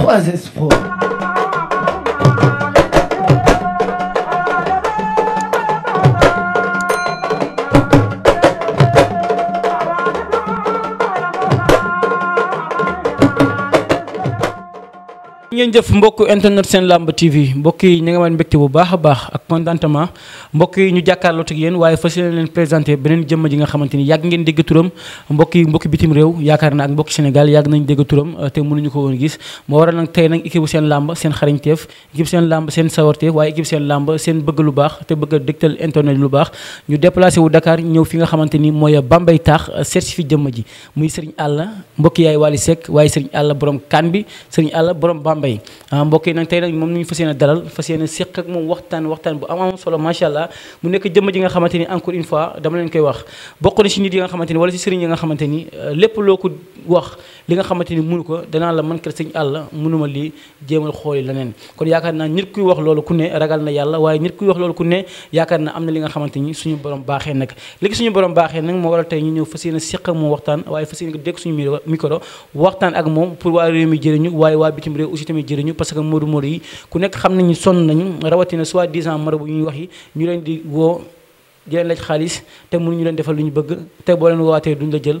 What's this for? ngeen jëf mbokk internet seen lamb TV mbokk yi ñu ngi amoon mbégte bu baax a baax ak contentement mbokk yi ñu jàkkaarloo ak yéen waaye fas yéene leen présenté beneen jëmm ji nga xamante yàgg ngeen dégg turam mbokk mbokki bitim réew yaakaar na ak mbokki Sénégal yàgg nañ dégg turam euh, te mënuñu ko woon gis moo waral nag tey nag équipe bu seen lamb seen xarañteef équipe seen lamb seen sawarteef waaye équipe seen lamb seen bëgg lu baax te bëgg a dégtal internet lu baax ñu déplacé wu Dakar ñëw fi nga xamante ni mooy Bambey taax certifié euh, jëmm ji muy Serigne Alla mbokki yaay Wally Seck waaye Serigne Alla borom kan bi Mbaye ah, mbokk yi nag tey nag moom nañu fas yéene dalal fas yéene séq ak moom waxtaan waxtaan bu am am solo macha allah mu nekk jëmm ji nga xamante ni encore une dama leen koy wax bokk na si nit yi nga xamante ni wala si sëriñ yi nga xamante ni euh, lépp loo ko wax li nga xamante ni munu ko danaa la man kat sëñ àlla mënuma lii jéemal xooli leneen kon yaakaar naa nit kuy wax loolu ku ne ragal na yàlla waaye nit kuy wax loolu ku ne yaakaar naa am na li nga xamante ni suñu borom baaxee nag léegi suñu borom baaxee nag moo a tey ñu ñëw fas yéene siq moom waxtaan waaye fas yéene dégg suñu micro waxtaan ak moom pour waa réew mi jëriñu waaye waa bitim réew aussi tamit jëriñu parce que moodu moodu yi ku nekk xam nañu sonn nañu rawatina soit disant marabu ñuy wax yi ñu leen di woo di leen xaalis te mënuñu leen defal lu ñu bëgg te boo leen waatee duñ la jël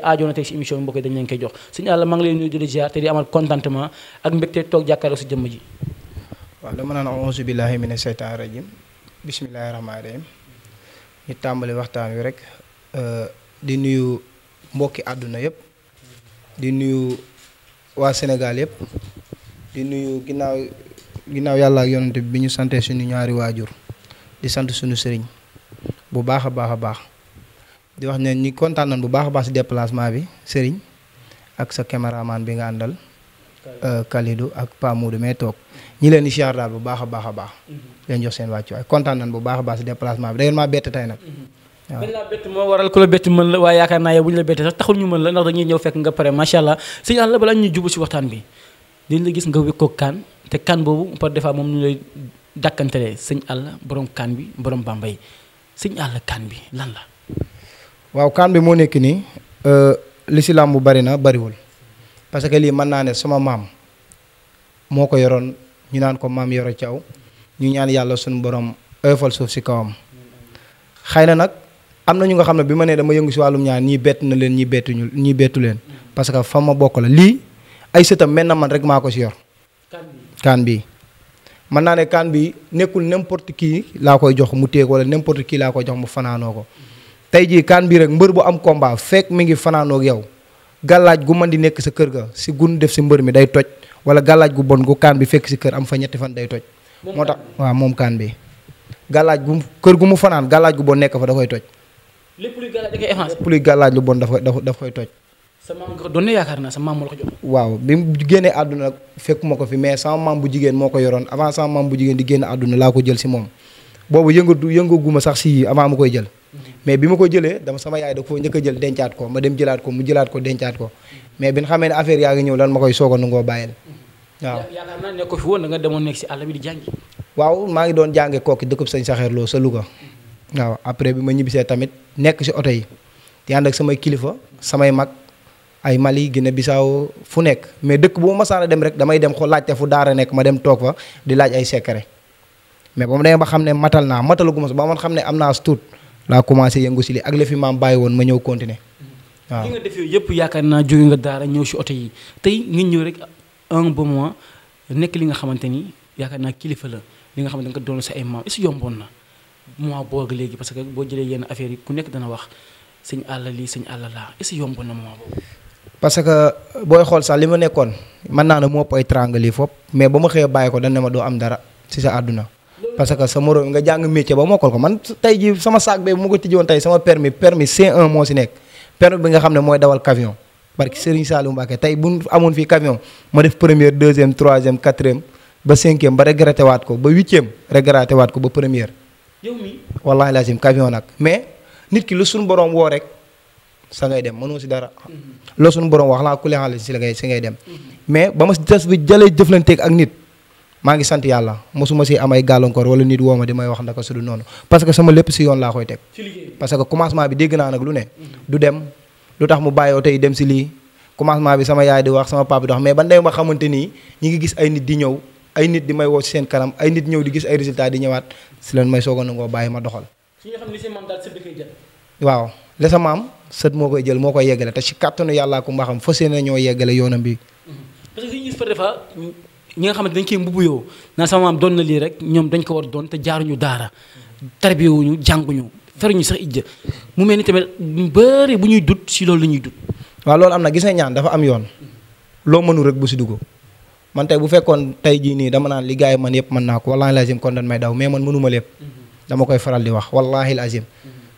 aajo na tey si émission bi dañ leen koy jox sëñ Alla maa ngi lay nuyu di te di amal contentement ak mbégte toog jàkkaarloo si jëmm ji waaw dama naan auzu billahi mina seytaan rajim bismillahi rahmaani rahim ñu tàmbali waxtaan wi rek euh, di nuyu mbokki àdduna yëpp di nuyu waa Sénégal yëpp di nuyu ginnaaw ginnaaw yàlla ak yonante bi ñu santee suñu ñaari waajur di sant suñu sëriñ bu baax a baax a baax di wax ne ñi kontaan nañ bu baax a baax si déplacement bi Serigne ak sa caméraman bi nga àndal. Kalidou euh, ak Pa Modou mais toog ñu leen di siyaar bu baax a a baax. Mhm. leen jox seen wàccuwaay kontaan bu baax a baax si déplacement bi tey nag. Mhm. waaw benn laa la bett mën la waaye yaakaar naa yow bu ñu la bettee taxul ñu mën la ndax dañuy ñëw fekk nga pare macha allah sëñ Alla balaa ñuy jubu si waxtaan bi dañ la gis nga wékkoo kaan te kaan boobu par defaa fois moom ñu lay dàkkantelee sëñ Alla borom kaan bi borom Bambey sëñ Alla kaan bi lan la. waaw kan bi moo nekk nii euh, li si làmb bari na bariwul parce que lii mën naa ne sama maam moo ko yoroon ñu naan ko maam yoro Thiaw ñu ñaan yàlla suñ borom oyofal suuf si kawam xëy na nag am na ñu nga xam ne bi ma nee dama yëngu si wàllum ñaan ñii bett na leen ñii bettuñu ñii bettu leen parce que fa ma bokk la lii ay sëtam mel na man rek maa ko si yor. kan bi mën naa ne kan bi nekkul n'importe kii laa koy jox mu téeg wala n'importe kii laa koy jox mu fanaanoo ko. tey jii kaan bi rek mbër bu am combat fekk mi ngi fanaanoog yow gàllaaj gu man di nekk sa kër ga si gun def si mbër mi day toj wala gàllaaj gu bon gu kaan bi fekk si kër am fa ñetti fan day toj moo tax waaw moom kaan bi gàllaaj gu kër gu mu fanaan gàllaaj gu bon nekk fa da koy toj lépp luy gàllaaj da koy daf koy daf koy toj sa maam nga ko doon sa maam waaw bi mu génnee àdduna nag fekkuma ko fi mais sama maam bu jigéen moo ko yoroon avant sama maam bu jigéen di génn àdduna laa ko jël si moom boobu yëngatu yëngaguma sax si avant mu koy jël mais bi ma ko jëlee dama sama yaay da ko njëkk jël dencaat ko ma dem jëlaat ko mu jëlaat ko dencaat ko mais bi nga xamee ne affaire yaa ngi ñëw lan ma koy soog a nangoo bàyyil waaw yaakaar naa fi woon da nga demoon nekk si àll bi di jàngi waaw maa ngi doon jànge kooki dëkkub sañ saxeer loo sa luga waaw après bi ma ñibbisee tamit nekk si oto yi di ak samay kilifa samay mag ay Mali Guinée Bissau fu nekk mais dëkk bu ma masaana dem rek damay dem xool laajte fu daara nekk ma dem toog fa di laaj ay secret mais ba mu demee xam ne matal naa matalu gu ma ba man xam ne am naa tuut laa commencé yëngu si li ak la fi maam bàyyi woon ma ñëw continuer mhm. waaw. li nga def yooyu yëpp yaakaar naa jóge nga daara ñëw si oto yi tey nga ñëw rek un bon mois nekk li nga xamante ni yaakaar naa kilifa la li nga xamante ni nga doon si ay maam est yomboon na mois boobu léegi parce que boo jëlee yenn affaire yi ku nekk dana wax sëñ àll lii sëñ àll laa est-ce yomboon boobu. parce que booy xool sax li ma nekkoon mën naa ne moo ëpp ay triangle yi mais ba ma xëyee bàyyi ko dañ ne ma doo am dara si sa àdduna parce que sa morom nga jàng métier ba mokkal ko man tey sama saak bee mu ko tijjoon tey sama permis permis C1 moo si nekk permis bi nga xam ne mooy dawal camion barki Serigne Saliou Mbacké tey bu amoon fii camion ma def première deuxième troisième ba cinquième ba regretté waat ko ba huitième regretté waat ko ba première. yow mi wallaahi nag mais nit ki lu suñu borom woo rek sa ngay dem mënoo si dara. Mhm. loo suñu borom wax laa ku leen si ngay mhm. si maa ngi sant yàlla mosuma si am ay gàllankoor wala nit woo ma di may wax ndaka su du noonu parce que sama lépp si yoon laa koy teg. parce que commencement bi dégg naa nag lu ne. Mm-hmm. du dem lu tax mu bàyyoo tey dem si lii commencement bi sama yaay di wax sama papa di wax mais ban day ma xamante nii ñi ngi gis ay nit di ñëw ay nit di may woo si seen kanam ay nit ñëw di gis ay résultats di ñëwaat si leen may soog a nangoo bàyyi ma doxal. ki nga waaw la sa maam sët moo koy jël moo koy yeggale te si kàttanu yàlla ku mbaxam fas yéene ñoo yeggale yoonam bi. Mm-hmm. parce ñi nga xam ne dañ koy mbubu yoo naa sama maam doon na lii rek ñoom dañ ko war doon te jaaruñu daara tarbiyewuñu jànguñu feruñu sax ijja mu mel ni tamit bëri bu ñuy dut si loolu la ñuy dut waa loolu am na gisee ñaan dafa am yoon loo mënul rek bu si dugg man tey bu fekkoon tey jii nii dama naan li gars yi man yëpp mën naa ko wallaahi lazim kon dañ may daw mais man mënuma lépp mhm. dama koy faral di wax wallaahi lazim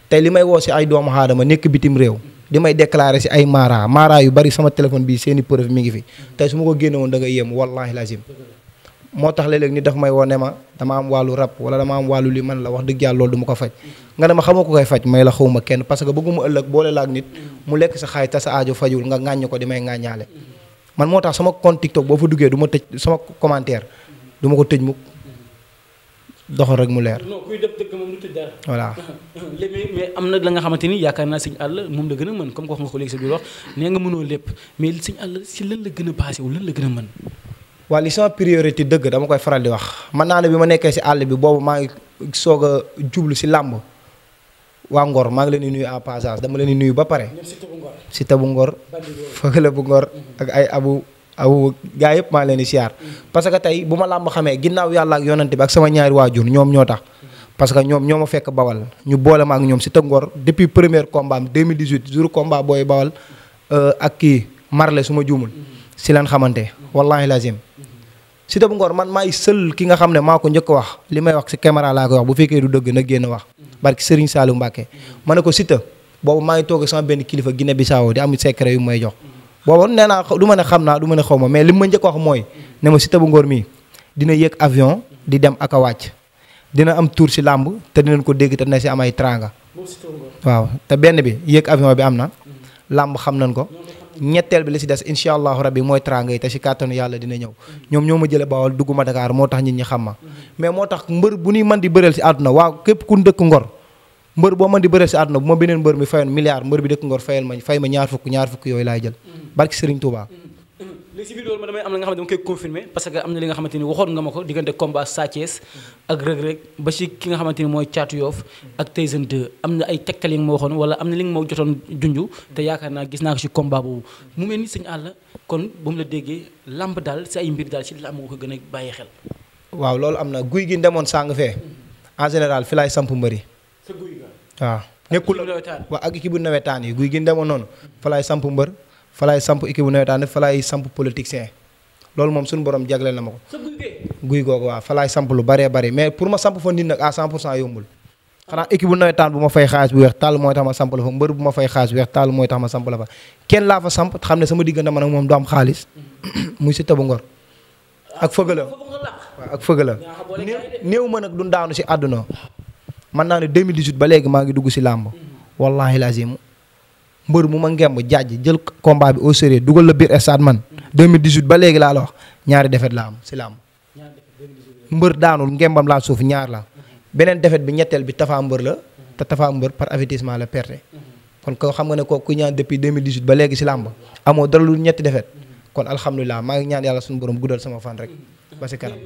tey li may woo si ay doomu aadama nekk bitim réew di may déclaré si ay maaraa mara yu bari sama téléphone bi seen i mu ngi fi tey su ma ko génne woon da nga yem wallahi lazim moo tax léeg-léeg ni daf may wane ma dama am wàllu rab wala dama am wàllu lii man la wax dëgg yàlla loolu du ko faj nga ne ma xamoo ko koy faj may la xaw ma kenn parce que bëgguma ëllëg boole laak nit mu lekk sa xaay ta sa aajo fajul nga ŋàññi ko di may ŋàññaale man moo tax sama compte TikTok boo fa duggee du ma tëj sama commentaire du ma ko tëj mukk doxal rek mu leer. non kuy def mais am na la nga xamante ni yaakaar naa sëñ àll moom la gën a mën comme wax nga ko léegi sa biir wax nee nga mënoo lépp mais sëñ àll si lan la gën a basé wu lan la gën a man waaw li sama priorité dëgg dama koy faral di wax man naa bi ma nekkee si àll bi boobu maa ngi soog jublu si làmb waa Ngor maa ngi leen di nuyu en passage dama leen di nuyu ba pare. si tabu Ngor. fëgale bu Ngor mhm. ak ay abu aw gaa yëpp maa leen di siyaar parce que tey bu ma làmb xamee ginnaaw yàlla ak yonante bi ak sama ñaari waajur ñoom ñoo tax parce que ñoom ñoo ma fekk bawal ñu boole ma ak ñoom si tëngoor depuis premier combat am 2018 jour combat booy bawal euh, ak kii marle su ma juumul si leen xamante wallahi lazim si bu ngoor man maay sël ki nga xam ne maa ko njëkk wax li may wax si caméra laa koy wax bu fekkee du dëgg na génn wax barki Serigne Saliou Mbacke ma ne ko Siteu boobu maa ngi toog sama benn kilifa Guinée Bissau di am secret yu may jox booba nee naa du ma ne xam naa du ma ne xaw ma mais li ma njëkk wax mooy ne ma Siteu bu Ngor mii dina yéeg avion di dem aka wàcc dina am tour si làmb te dinañ ko dégg te dina si am ay tranga waaw te benn bi yëg avion bi am na làmb xam nañ ko ñetteel bi li si des incha allahu rabbi mooy tranga yi te si kàttanu yàlla dina ñëw ñoom ñoo ma jële bawal dugguma Dakar moo tax nit ñi xam ma mm-hmm. mais moo tax mbër bu ñuy mën di bëreel si àdduna waaw képp ku dëkk Ngor mbër boo mën di bëree si àdduna bu ma beneen mbër mi fayoon milliard mbër bi dëkk Ngor fayal ma fay ma ñaar fukk ñaar fukk yooyu laay jël mm-hmm. barki Serigne Touba mm-hmm. nga xamante dama koy confirmer parce que am Sa Thiès ak ba si ki nga xamante mooy Thiatou Yoff ak Tyson 2 am na ay tegtal yi nga ma waxoon wala am na li nga ma jotoon junju te yaakaar naa gis naa ko si combat boobu mu mel ni sëñ àll kon ba mu la déggee lamb daal si ay mbir daal si lamb nga ko gën a bàyyi xel waaw loolu am na guy gi ndemoon sàng fee mm-hmm. en général fi laay samp mbëri waaw nekkul waaw ak équipe bu nawetaan yi guy gi demoon noonu fa samp mbër fa laay samp équipe bu nawetaan fa laay samp politicien loolu moom suñu borom jagleel na ma ko. guy googu waaw fa laay samp lu bëree bëri mais pour ma samp fa nit nag à 100 pour cent yombul. xanaa équipe bu nawetaan bu ma fay xaalis bu weex tàll mooy tax ma samp la fa mbër bu ma fay xaalis bu weex tàll mooy tax ma samp la fa kenn laa fa samp xam ne sama diggante man ak moom du am xaalis mm-hmm. muy si tabu ngor. ak fëgg la ah, la néew ma nag du daanu si àdduna man naa ne 2018 ba léegi maa ngi dugg si làmb wallahi lazim mbër mu ma ngemb jaaj jël combat bi au sérieux dugal la biir stade man 2018 ba léegi laa la wax ñaari defet la am si làmb mbër daanul ngembam laa suuf ñaar la beneen defet bi ñetteel bi tafaa mbër la te tafaa mbër par avertissement la perte kon ko xam nga ne ko ku ñaan depuis 2018 ba léegi si làmb amoo dara lu ñetti defet kon alhamdulilah maa ngi ñaan yàlla suñu borom guddal sama fan rek ba si kanam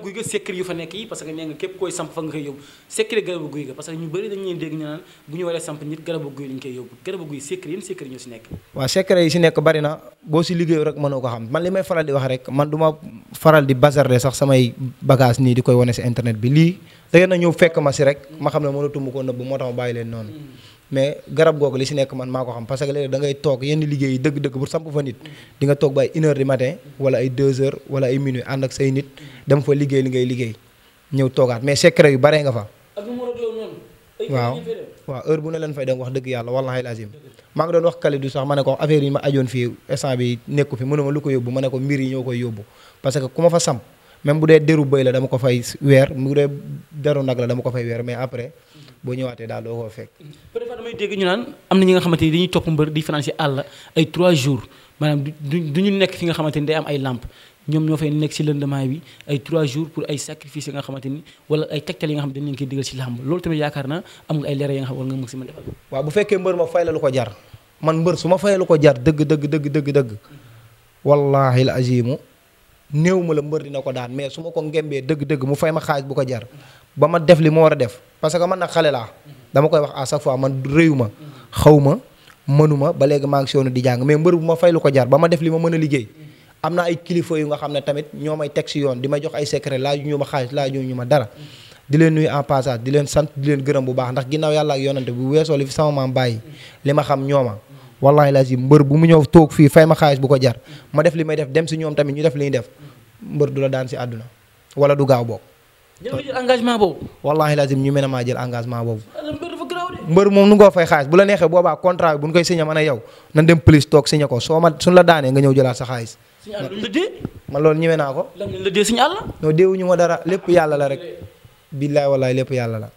guy ga secret yu fa nekk yi parce que nee nga képp koy samp fa nga koy yóbbu secret garabu guy ga parce ñu bëri dañu dégg ñu bu ñu waree samp nit garabu guy lañ koy yóbbu garabu guy secret ñoo si nekk waaw secret yi si nekk bari boo si liggéeyu rek mënoo ko xam man li may faral di wax rek man du ma faral di bazarde sax samay bagage nii di koy wone si internet bi lii da ngeen na fekk ma si rek ma xam ne mënatuma ko nëbb moo tax ma bàyyi leen noonu hmm. mais garab googu li si nekk man maa ko xam parce que léegi da ngay toog yenn liggéey yi dëgg-dëgg pour samp fa nit di nga toog ba ay une heure du matin wala ay deux heures wala ay minuit ànd ak say nit dem fa liggéey li ngay liggéey ñëw toogaat mais secret yu bare nga fa. waaw waaw heure bu ne leen fa dem wax dëgg yàlla wallahi lazim maa ngi doon wax Kalidou sax ma ne ko affaire yi ma ajoon fii instant bi nekku fi mënu ma lu ko yóbbu ma ne ko mbir yi ñoo koy yóbbu parce que ku ma fa samp même bu dee deru bëy la dama ko fay weer bu dee deru nag la dama ko fay weer mais après boo ñëwaatee daal doo ko damay dégg ñu naan am na ñi nga xamante dañuy topp mbër di financé àll ay 3 jours maanaam du du ñu nekk fi nga xamante day am ay làmp ñoom ñoo fay nekk ci lëndamaay bi ay 3 jours pour ay sacrifice yi nga xamante ni wala ay tegtal yi nga xamante ni dañ koy digal ci làmb loolu tamit yaakaar naa am nga ay leeral yi nga xam war nga mën si mën defal waaw bu ma fay la lu ko mbër su ma ko jar mais su ma ko ngembee dëgg dëgg mu fay ma xaaj bu ko jar ba ma def li ma war a def parce que man nag xale laa dama koy wax à chaque fois man réyu ma xaw ma mënu ma ba léegi maa ngi soonu di jàng mais mbër bu ma fay lu ko jar ba ma def li ma mën a liggéey am naa ay kilifa yu nga xam ne tamit ñoo may teg si yoon di ma jox ay secret laaju ñu ma xaalis laaju ñu ma dara di leen nuy en passage di leen sant di leen gërëm bu baax ndax ginnaaw yàlla ak yonante bu weesoo li fi sama maam bàyyi li ma xam ñooma wallahi lazim mbër bu mu ñëw toog fii fay ma xaalis bu ko jar ma def li may def dem si ñoom tamit ñu def li ñuy def mbër du la daan si àdduna wala du gaaw boobu. ñoo jël engagement boobu. wallahi lazim ñu mën a maa engagement boobu. mbër moom nu ngoo fay xaalis bu la neexee boobaa contrat bi bu ñu koy signé man a yow nan dem police toog signé ko soo ma suñ la daanee nga ñëw jëlaat sa xaalis. suñu la dee. man loolu ñëwee naa ko. lan la dee suñu àll. non ma dara lépp yàlla la rek. billaay wallaay lépp yàlla la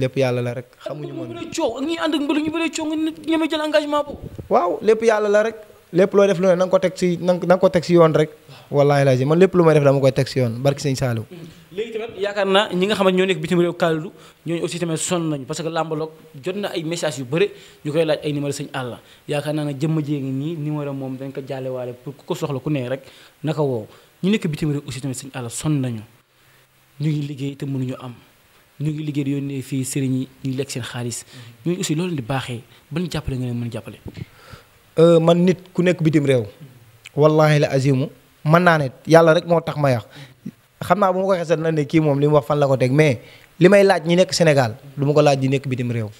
lépp yàlla la rek. xamuñu ma ak ñi ànd ak mbër ñu bëree coow nga ñeme jël engagement bu. waaw lépp yàlla la rek lépp loo def lu ne na ko teg si na ko teg si yoon rek wallaahi laaj man lépp lu may def dama koy teg si yoon barki sëñ Saliou léegi tamit yaakaar naa ñi nga xam ne ñoo nekk bitim réew kàllu ñooñu aussi tamit sonn nañu parce que làmbaloog jot na ay message yu bëri ñu koy laaj ay numéro sëñ àlla yaakaar naa ne jëmm jee ngi nii numéro moom dañ ko jàllewaale pour ku ko soxla ku ne rek naka woow ñu nekk bitim réew aussi tamit sëñ àlla sonn nañu ñu ngi liggéey te mënuñu am ñu ngi liggéey di yónnee fii sëriñ yi ñu ngi lekk seen xaalis mm-hmm. ñooñu aussi loolu di baaxee ban jàppale nga leen mën jàppale Euh, man nit ku nekk bitim réew wallahi la azimu man naa ne yàlla rek moo tax ma yàq xam naa bu ma ko xesat na ne kii moom li mu wax fan la ko teg mais li may laaj ñi nekk Sénégal du ma ko laaj ñi nekk bitim réew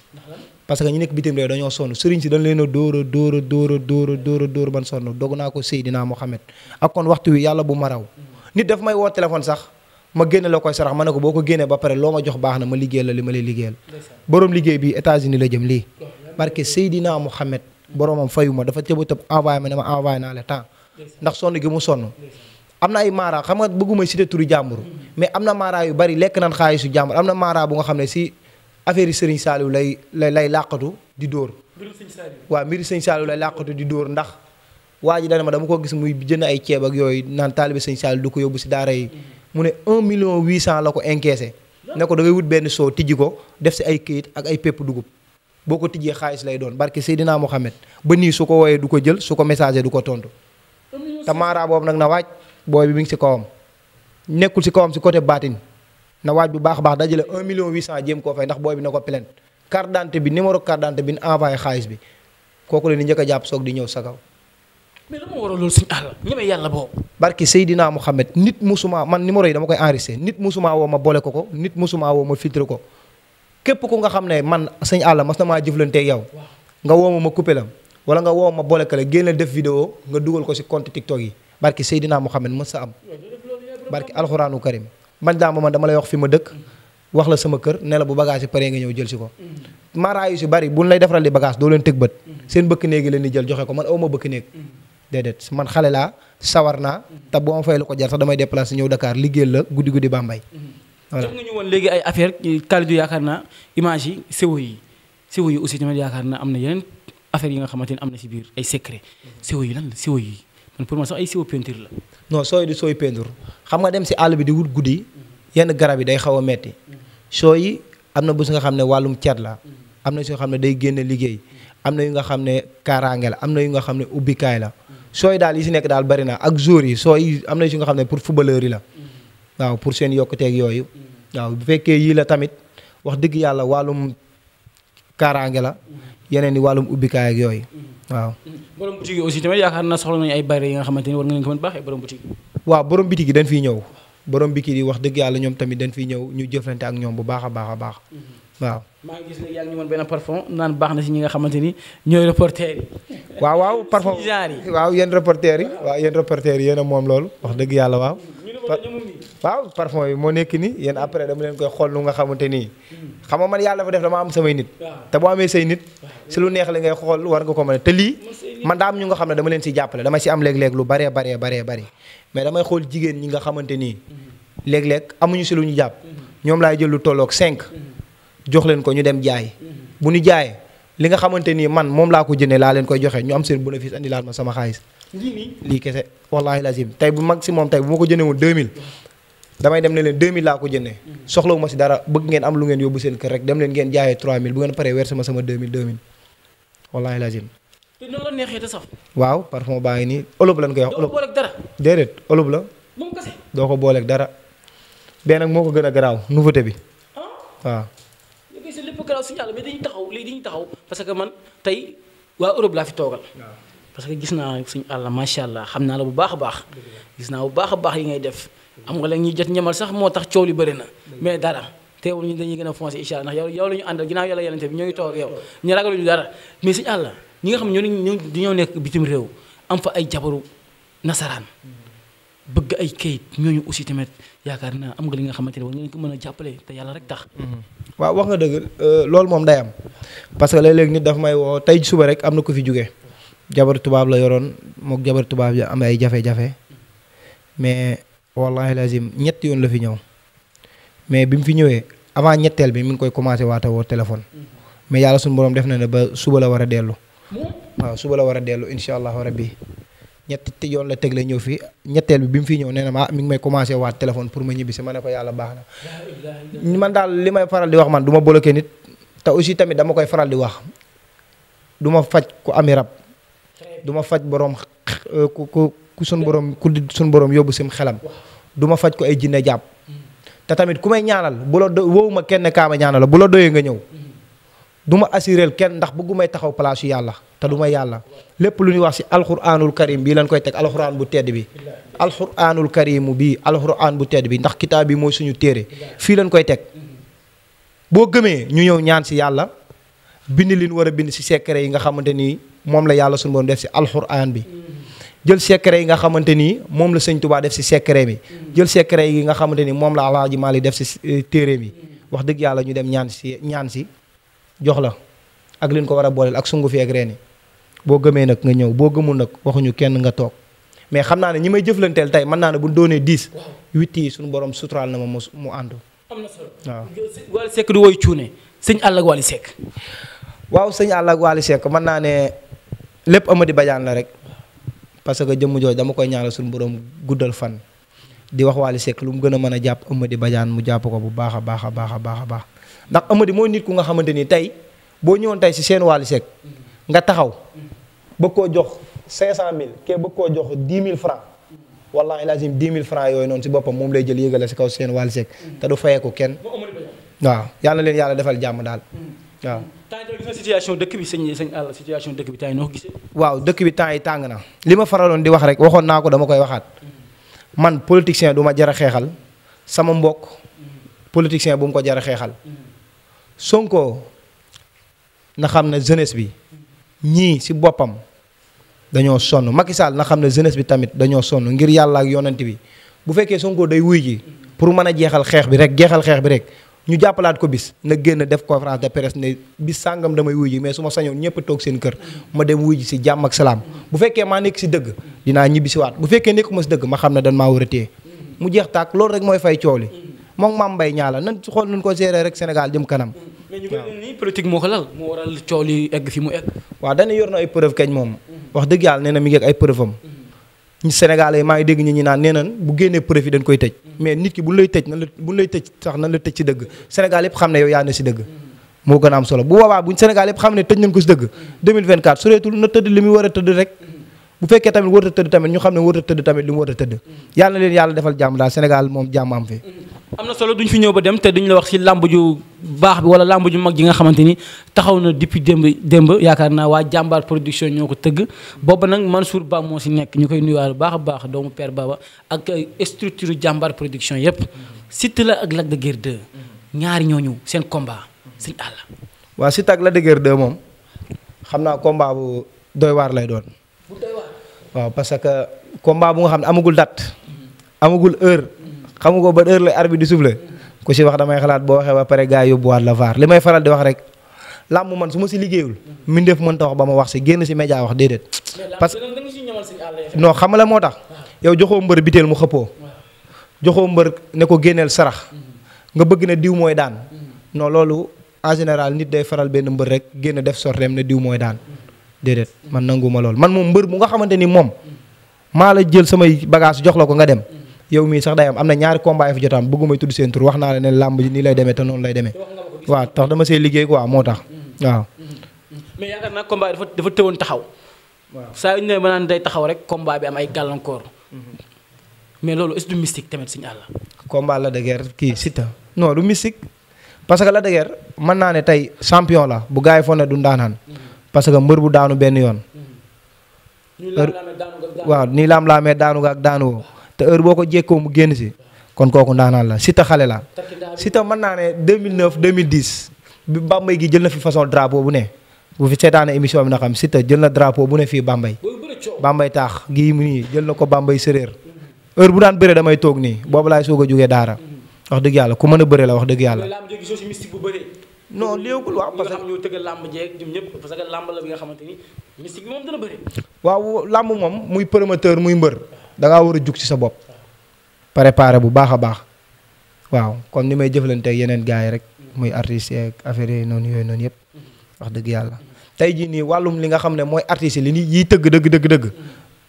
parce que ñi nekk bitim réew dañoo sonn sëriñ si leen a dóor a dóor a dóor ban sonn doog naa ko Seydina Mohamed ak kon waxtu wi yàlla bu ma raw nit daf may woo téléphone sax ma génne la koy sarax ma ne ko boo ko génnee ba pare loo jox baax na ma liggéeyal la li ma lay liggéeyal borom liggéey bi États-Unis la jëm lii barke Seydina Mohamed boromam fayu ma dafa tëb tëb envoyé ma ne ma envoyé naa la temps ndax sonn gi mu sonn am na ay maara xam nga bëgguma cité turu jàmbur mm-hmm. mais am na maara yu bari lekk nan xaalisu jàmbur am na maara bu nga xam ne si affaire yi Serigne lay lay lay làqatu di dóor waa mbiri Serigne Saliou lay làqatu di dóor ndax waa ji dana ma dama ko gis muy jënd ay ceeb ak yooyu naan taalibe Serigne Saliou du ko yóbbu si daara yi mm-hmm. mu ne un million 800 la ko encaissé ne ko da wut benn soo tijji ko def si ay këyit ak ay pépp dugub boo ko tijjee xaalis lay doon barke Seydina Mohamed ba nii su ko woowee du ko jël su ko messager du ko tontu te boobu nag na waaj booy bi mi ngi si kawam nekkul si kawam si côté baatin na waaj bu baax a baax dajale 1 million 800 jéem koo fay ndax booy bi na ko plainte carte d'identité bi numéro carte d'identité bi ñu envoyé xaalis bi kooku la ni njëkk jàpp soog di ñëw sa kaw. mais lan moo waral loolu suñu àll ñeme yàlla boobu. barke Seydina nit musuma man numéro yi dama koy enregistré nit musuma woo ma boole ko ko nit musuma woo ma ko. képp ku nga xam ne man sëñ àlla ma na maa jëflanteeg yow nga woo ma ma coupé la wala nga woo ma boolekale génne def vidéo nga dugal ko si compte TikTok yi barki xam Mohamed mës sa am barki alxuraanu karim man daa ma man dama lay wax fi ma dëkk wax la sama kër ne la bu bagage yi pare nga ñëw jël si ko maaraayu si bari buñ lay defaral di bagage doo leen tëg bët seen bëkk néegi leen di jël joxe ko man aw ma bëkk néeg déedéet man xale laa sawar naa te bu ma fay ko jar damay déplacé ñëw Dakar liggéeyal la guddi guddi Bambey voilà def nga ñu woon léegi ay affaire Kalidou yaakaar naa image yi yi sewo yi aussi tamit yaakaar naa am na yeneen affaire yi nga xamante ne am na si biir ay secret sewo yi lan la yi man pour moi sax ay sewo peinture la. non sooy du sooy peinture xam nga dem si àll bi di wut guddi yenn garab yi day xaw a metti soo am na bés nga xam ne wàllum cat la am na soo xam ne day génne liggéey am na yu nga xam ne kaaraange la am na yu nga xam ne ubbikaay la sooy daal yi si nekk daal bari na ak jour yi sooy am na yu nga xam ne pour footballeur la. waaw pour seen yokkuteek yooyu. waaw bu fekkee yii la tamit wax dëgg yàlla wàllum kaaraange la. yeneen i wàllum ubbikaay ak yooyu. waaw. borom boutique yi aussi tamit yaakaar naa soxla nañu ay bari yi nga xamante ni war nga leen ko mën baaxee borom boutique yi. waaw borom boutique yi dañ fiy ñëw borom boutique yi wax dëgg yàlla ñoom tamit dañ fiy ñëw ñu jëflante ak ñoom bu baax a baax a baax. waaw maa ngi gis ne yaa ngi naan baax na si ñi nga xamante ni ñooy reporter yi. waaw waaw yi waaw yéen reporter yi waaw yéen reporter yi yéen a moom loolu wax dëgg yàlla waaw. waaw parfum yi moo nekk nii yéen après dama leen koy xool lu nga xamante nii xam nga man yàlla dafa def dama am samay nit te boo amee say nit si lu neex la ngay xool war nga ko mën a te lii man daa am ñu nga xam ne dama leen si jàppale dama si am léeg-léeg lu bare baree bare bari mais damay xool jigéen ñi nga xamante nii mm-hmm. léeg-léeg amuñu si lu ñu jàpp mm-hmm. ñoom laay jël lu tolloog cinq mm-hmm. jox leen ko ñu dem jaay bu ñu jaayee li nga xamante ni man moom laa ko jëndee laa leen koy joxee ñu am seen bénéfice andi laal ma sama xaalis. lii lii kese wallaahi lazim tey bu maximum tey bu ma ko jëndee woon 2000. damay dem ne leen 2000 laa ko jëndee. soxlawu ma si dara bëgg ngeen am lu ngeen yóbbu seen kër rek dem leen ngeen jaayee 3000 bu ngeen paree weer sama sama 2000 2000 wallaahi lazim. te noonu la neexee te waaw parfum baa ngi nii olob lañ koy wax. doo ko booleeg dara olob la. doo ko booleeg dara. benn nag moo ko gën a garaaw nouveauté bi ah? waaw. lépp garaaw suñu yàlla mais dañuy taxaw léegi dañuy que man tey waa Europe laa fi toogal. parce que gis naa suñu àll macha allah xam naa la bu baax a baax. gis naa bu baax a baax yi ngay def. am nga la ñuy jot ñamal sax moo tax coow li bëri na. mais dara teewul ñu dañuy gën a foncé incha allah yow yow la ñu àndal ginnaaw yàlla yalante bi ñoo ngi toog yow ñu ragaluñu dara mais suñu àll ñi nga xam ñoo ñu dañoo nekk bitim réew am fa ay jabaru nasaraan mm-hmm. bëgg ay kayit ñooñu aussi tamit yaakaar naa am nga li nga xamante ne war ngeen ko mën a jàppale te yàlla rek tax mm-hmm. waaw wax nga dëgg euh, loolu moom day am parce que léeg-léeg nit daf may woo tey suba rek am na ku fi jóge jabar tubaab la yoroon mook jabar tubaab yi am ay jafe-jafe mais wallahi lazim ñetti yoon la fi ñëw mais bi mu fi ñëwee avant ñetteel bi mi ngi koy commencé waate woo téléphone mais yàlla suñ borom def na ne ba suba la war a dellu waaw suba la war a dellu incha allahu rabbi ñetti yoon la tegle ñëw fii ñetteel bi mu fi ñëw nee na ma ah, mi ngi may commencé waat téléphone pour ma ñibbi si ma ne ko yàlla baax na man daal li may faral di wax man du ma bloqué nit te aussi tamit dama koy faral di wax du ma faj ku ami rab duma faj boroom ku ku sun borom ku di borom yóbbu sim xelam du ma faj ko ay jinne jàpp te tamit ku may ñaanal bu la do woowu ma kenn kaama ñaanal bu la doyee nga ñëw du ma assuré kenn ndax bëggumay taxaw place yàlla. te du ma yàlla lépp lu ñuy wax si alxuraanul karim bii lañ koy teg alxuraan bu tedd bi alxuraanul karim bii alxuraan bu tedd bi ndax kitaab bi mooy suñu téere fii lañ koy teg boo gëmee ñu ñëw ñaan si yàlla bind li ñu war a bind si secret yi nga xamante ni moom la yàlla suñu borom def si alxuraan bi jël secret yi nga xamante ni moom la sëñ Tuubaa def si secret bi jël secret yi nga xamante ni moom la Alaaji Maali def si eh, téere bi wax dëgg yàlla ñu dem ñaan si ñaan si jox la ak li ko war a booleel ak sungu fi ak boo gëmee nag nga ñëw boo gëmul nag waxuñu kenn nga toog mais xam naa ne ñi may jëflanteel tey mën naa ne bu ñu doonee dix huit yi suñu borom suturaal na ma mu mu ànd. am waaw. woy cuune sëñ àll ak Wally waaw sëñ àll ak Wally Seck mën naa ne lépp Amady Badiane la rek parce que jëmm jooju dama koy ñaanal suñu borom guddal fan. di wax Wally Seck lu mu gën a mën a jàpp Amady Badiane mu jàpp ko bu baax a baax a baax a baax ndax Amady mooy nit ku nga xamante ni tey boo ñëwoon tey si seen Wally Seck nga taxaw. bëgg koo jox cinq cent mille kee bëgg koo jox dix mille francs wallahi lazim dix mille francs yooyu noonu si boppam moom lay jël yëgale si kaw seen wàll seeg te du ko kenn waaw yal na leen yàlla defal jàmm daal hmm. waaw situation dëkk bi sëñ sëñ àll situation dëkk bi temps yi waaw dëkk bi temps yi tàng na li ma faraloon di wax rek waxoon naa ko dama koy waxaat hmm. man politicien du ma jar a xeexal sama mbokk politicien bu mu ko jar a xeexal hmm. Sonko na xam ne jeunesse bi ñii si boppam dañoo sonn Macky Sall na xam ne jeunesse bi tamit dañoo sonn ngir yàlla ak yonent bi bu fekkee Sonko day wuy ji pour mën a jeexal xeex bi rek jeexal xeex bi rek ñu jàppalaat ko bis na génn def conférence de presse ne bis sàngam damay wuy ji mais su ma sañoon ñëpp toog seen kër ma dem wuy ji si jàmm ak salaam bu fekkee maa nekk si dëgg dinaa ñibbi si waat bu fekkee nekkuma si dëgg ma xam ne dañ maa war a téye mu jeex tàkk loolu rek mooy fay coow li moom maam mbay ñaala nan xool nañ ko gérer rek Sénégal jëm kanam. mais ñu mel ni politique moo ko li egg fi mu waaw dañuy yor na ay preuve kañ moom wax dëgg yàlla nee na mi ngi ak ay preuve am ñu maa ngi dégg ñi ñi naan nee nan bu génnee preuve yi dañ koy tëj mais nit ki bu lay tëj nan la bu lay tëj sax nan la tëj si dëgg Sénégal yëpp xam ne yow yaa ne si dëgg moo gën a am solo bu boobaa buñ Sénégal yëpp xam ne tëj nañ ko si dëgg 2024 sureetul na tëdd li muy war a tëdd rek bu fekkee tamit warut a tëdd tamit ñu xam ne warut tëdd tamit li mu war a tëdd yàlla na leen yàlla defal jàmm daal Sénégal moom am na solo duñu fi ñëw ba dem te duñ la wax ci làmb ju baax bi wala làmb ju mag ji nga xamante ni taxaw na depuis démb démb yaakaar naa waa jàmbaar production ñoo ko tëgg booba nag Mansour Ba moo si nekk ñu koy nuyuwaale baax a baax doomu père Baba ak structure jàmbaar production yépp Siteu la ak Lac de Guiers 2 ñaari ñooñu seen combat sëñ àlla waaw Siteu ak Lac de Guiers moom xam naa combat bu doy waar lay doon. waa parce que combat bu nga xam ne amagul date. amagul xam nga ko ba heure la arbitre di souffler ku si wax damay xalaat boo waxee ba pare gars yóbbuwaat la vaar li may faral di wax rek làmb man su ma si liggéeyul min def mën ta wax ba ma wax si génn si média wax déedéet parce que non xam la moo tax ah. yow joxoo mbër biteel mu xëppoo joxoo mbër ne ko génneel sarax mm-hmm. nga bëgg ne diw mooy daan mm-hmm. noo loolu en général nit day faral benn mbër rek génn def sorteem ne diw mooy daan déedéet man nanguma lool man moom mbër mu nga xamante ni moom maa la jël samay bagage jox la ko nga dem yow mii sax day am am na ñaari combat yi fi jotaam bëggumay tudd seen tur wax naa la ne làmb nii lay demee te noonu lay demee waaw tax dama see liggéey quoi moo tax mm-hmm. waaw mm-hmm. mais yaakaar naa combat dafa taxaw rek combat bi mm-hmm. mais loolu est du mystique tamit la dëgër kii Siteu non du mystique parce que la dëgër mën naa ne tey champion la bu gars yi foog ne du ndaanaan parce que mbër bu daanu benn yoon waaw nii laam-laamee daanu ak daanu te heure boo ko jekkoo mu génn si kon kooku ndaanaan la Siteu xale la Siteu man naa ne 2009 2010 bi Bambey gi jël na fi façon drapeau bu ne bu fi seetaane émission bi na xam Siteu jël na drapeau bu ne fii Bambey bambay taax gii mu nii jël na ko bambay séréer heure bu daan bëree damay toog nii boobu laay soog ko jógee daara wax dëgg yàlla ku mën a bëree la wax dëgg yàlla non léegul waaw parce que ñoo làmb jeeg làmb la bi nga xamante ni moom waaw làmb moom muy promoteur muy mbër dangaa war a jug ci sa bopp préparé bu baax a baax waaw kon ni may jëflanteeg yeneen gars yi rek muy artistes yeeg affaire yi noonu yooyu noonu yëpp wax dëgg yàlla tey jii nii wàllum li nga xam ne mooy artistes li ni yiy tëgg dëgg dëgg dëgg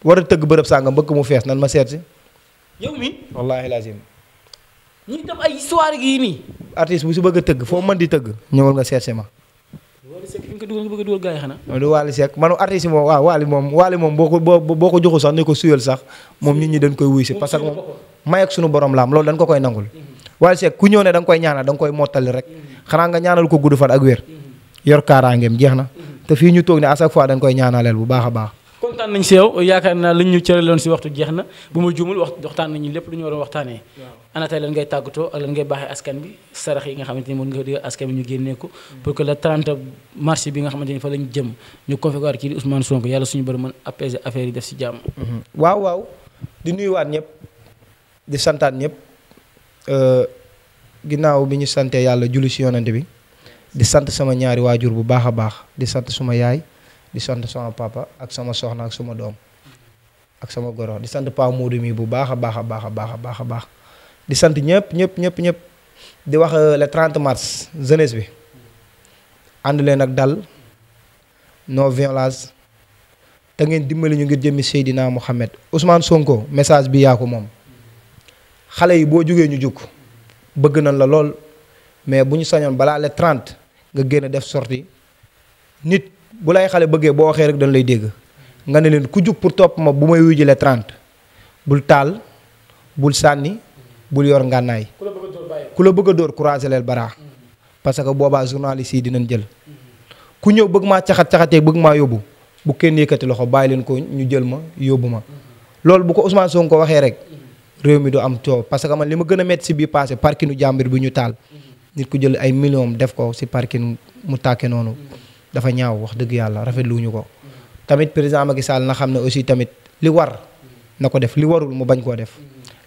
war a tëgg bërëb sàngam mbëkk mu fees nan ma seet si yow mi wallaahi lazim ñuy def ay histoire yi nii artiste bu si bëgg a tëgg foo man di tëgg ñëwal nga seet si ma du Wally Seck man artiste moom waaw Wally moom Wally moom boo ko boo sax ne ko suyal sax moom nit ñi dañ koy wuy si parce may ak sunu borom laam loolu dañ koy nangul mm-hmm. Wally Seck ku ñëw ne da koy ñaanal da koy mottali rek mm-hmm. xanaa nga ñaanal ko gudd fan ak wér mm-hmm. yor kaaraangeem jeex na te fii ñu toog ne à chaque fois dañ koy ñaanaleel bu baax a baax kontaan nañ si yow yaakaar naa liñ ñu cëraloon si waxtu jeex na bu ma juumul wax waxtaan nañu lépp lu ñu waroon waxtaanee. ana tey lan ngay tàggatoo ak lan ngay baaxee askan bi sarax yi nga xamante ni mën nga digal askan bi ñu génnee ko. Mm. pour que le 30 mars bi nga xamante ni fa lañ jëm ñu conféquer kii di Ousmane Sonko yàlla suñu borom mën apaiser affaire yi def si jàmm. Mm-hmm. waaw waaw di nuyuwaat ñëpp di santaat ñëpp euh, ginnaaw bi ñu santee yàlla julli si yonante bi di sant sama ñaari waajur bu baax a baax di sant suma yaay di sant sama papa ak sama soxna ak sama doom ak sama goro di sant Pa Modou mi bu baax a baax a baax a baax a baax a baax di sant ñëpp ñëpp ñëpp ñëpp di wax euh, le 30 mars jeunesse bi ànd leen ak dal non violence te ngeen dimbali ñu ngir jëmmi Seydina Mohamed Ousmane Sonko message bi yaa ko moom xale yi boo jógee ñu jukk bëgg nañ la lool mais bu ñu sañoon balaa le 30 nga génn def sorti nit bu lay xale bëggee boo waxee rek dañ lay dégg nga ne leen ku jub pour topp ma bu may wujjule 30 bul taal bul sànni bul yor ngànnaay ku la bëgg door dóor croiser leen bara parce que boobaa journaliste yi dina jël ku ñëw bëgg maa caxat caxatee bëgg maa yóbbu bu kenn yëkkati loxo bàyyi leen ko ñu jël ma yóbbu ma loolu bu ko Ousmane Sonko ko waxee rek réew mi du am coow parce que man li ma gën a métti si bii passé parkinu jàmbir bi ñu taal nit ku jël ay millions def ko si parking mu tàkke noonu dafa ñaaw wax dëgg yàlla rafetluñu ko. tamit président Macky Sall na xam ne aussi tamit li war na ko def li warul mu bañ koo def.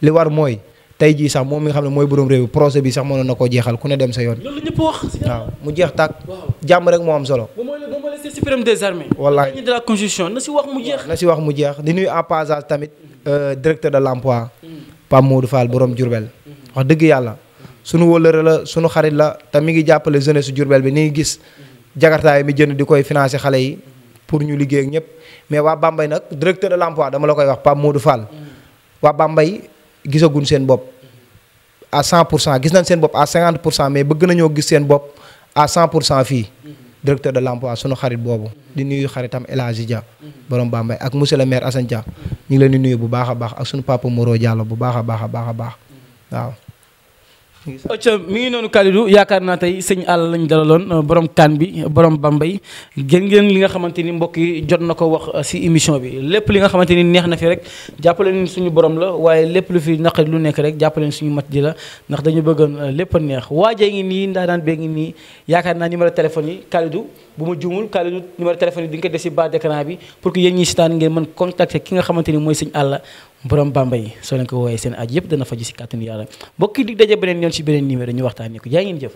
li war mooy tey jii sax moom mi nga xam ne mooy borom réew projet bi sax mënoon na koo jeexal ku ne dem sa yoon. loolu ñëpp wax. waaw mu jeex tàkk jàmm rek moo am solo. na si wax mu jeex. na si wax mu jeex di nuyu en passage tamit euh, directeur de l' emploi. Pape Modou Fall borom Diourbel. wax dëgg yàlla sunu wëllëre la sunu xarit la te ngi jàppale jeunesse jakartaay mi jënd di koy financé xale yi pour ñu liggéey ak ñëpp mais waa Bambey nag directeur de l'emploi dama la koy wax Pape Modou Fall waa Bambey gisaguñ seen bopp à 100 pour cent gis nañ seen bopp à 50 pour cent mais bëgg nañoo gis seen bopp à 100 pour fii directeur de l'emploi sunu xarit boobu di nuyu xaritam El Hadji Dia borom Bambey ak monsieur le maire Assane ñu ngi leen di nuyu bu baax a baax ak suñu papa Moro Diallo bu baax a baax a baax a baax waaw acca mi ngi noonu Kalidou yaakaar naa tey sëñ àll lañ dalaloon uh, borom kaan bi borom bambay gën ngeen li nga xamante ni mbokk yi jot na ko wax uh, si émission bi lépp li nga xamante ni neex na fi rek jàppale ni suñu borom la waaye lépp lu fi naqari lu nekk rek jàppale ni suñu mat ji la ndax dañu bëggoon uh, lépp a neex waajee ngi nii ndaa daan bee ngi nii yaakaar naa numéro téléphone yi Kalidou bu ma juumul Kalidou numéro téléphone yi di def si bas d'écran bi pour que yéen ñi sitaan ngeen mën contacter ki nga xamante ni mooy sëñ Alla borom Bamba yi soo leen ko woowee seen aaj yëpp dana faju si kàttanu yàlla mbokk di daje beneen yoon si beneen numéro ñu waxtaanee ko jaa ngeen jëf.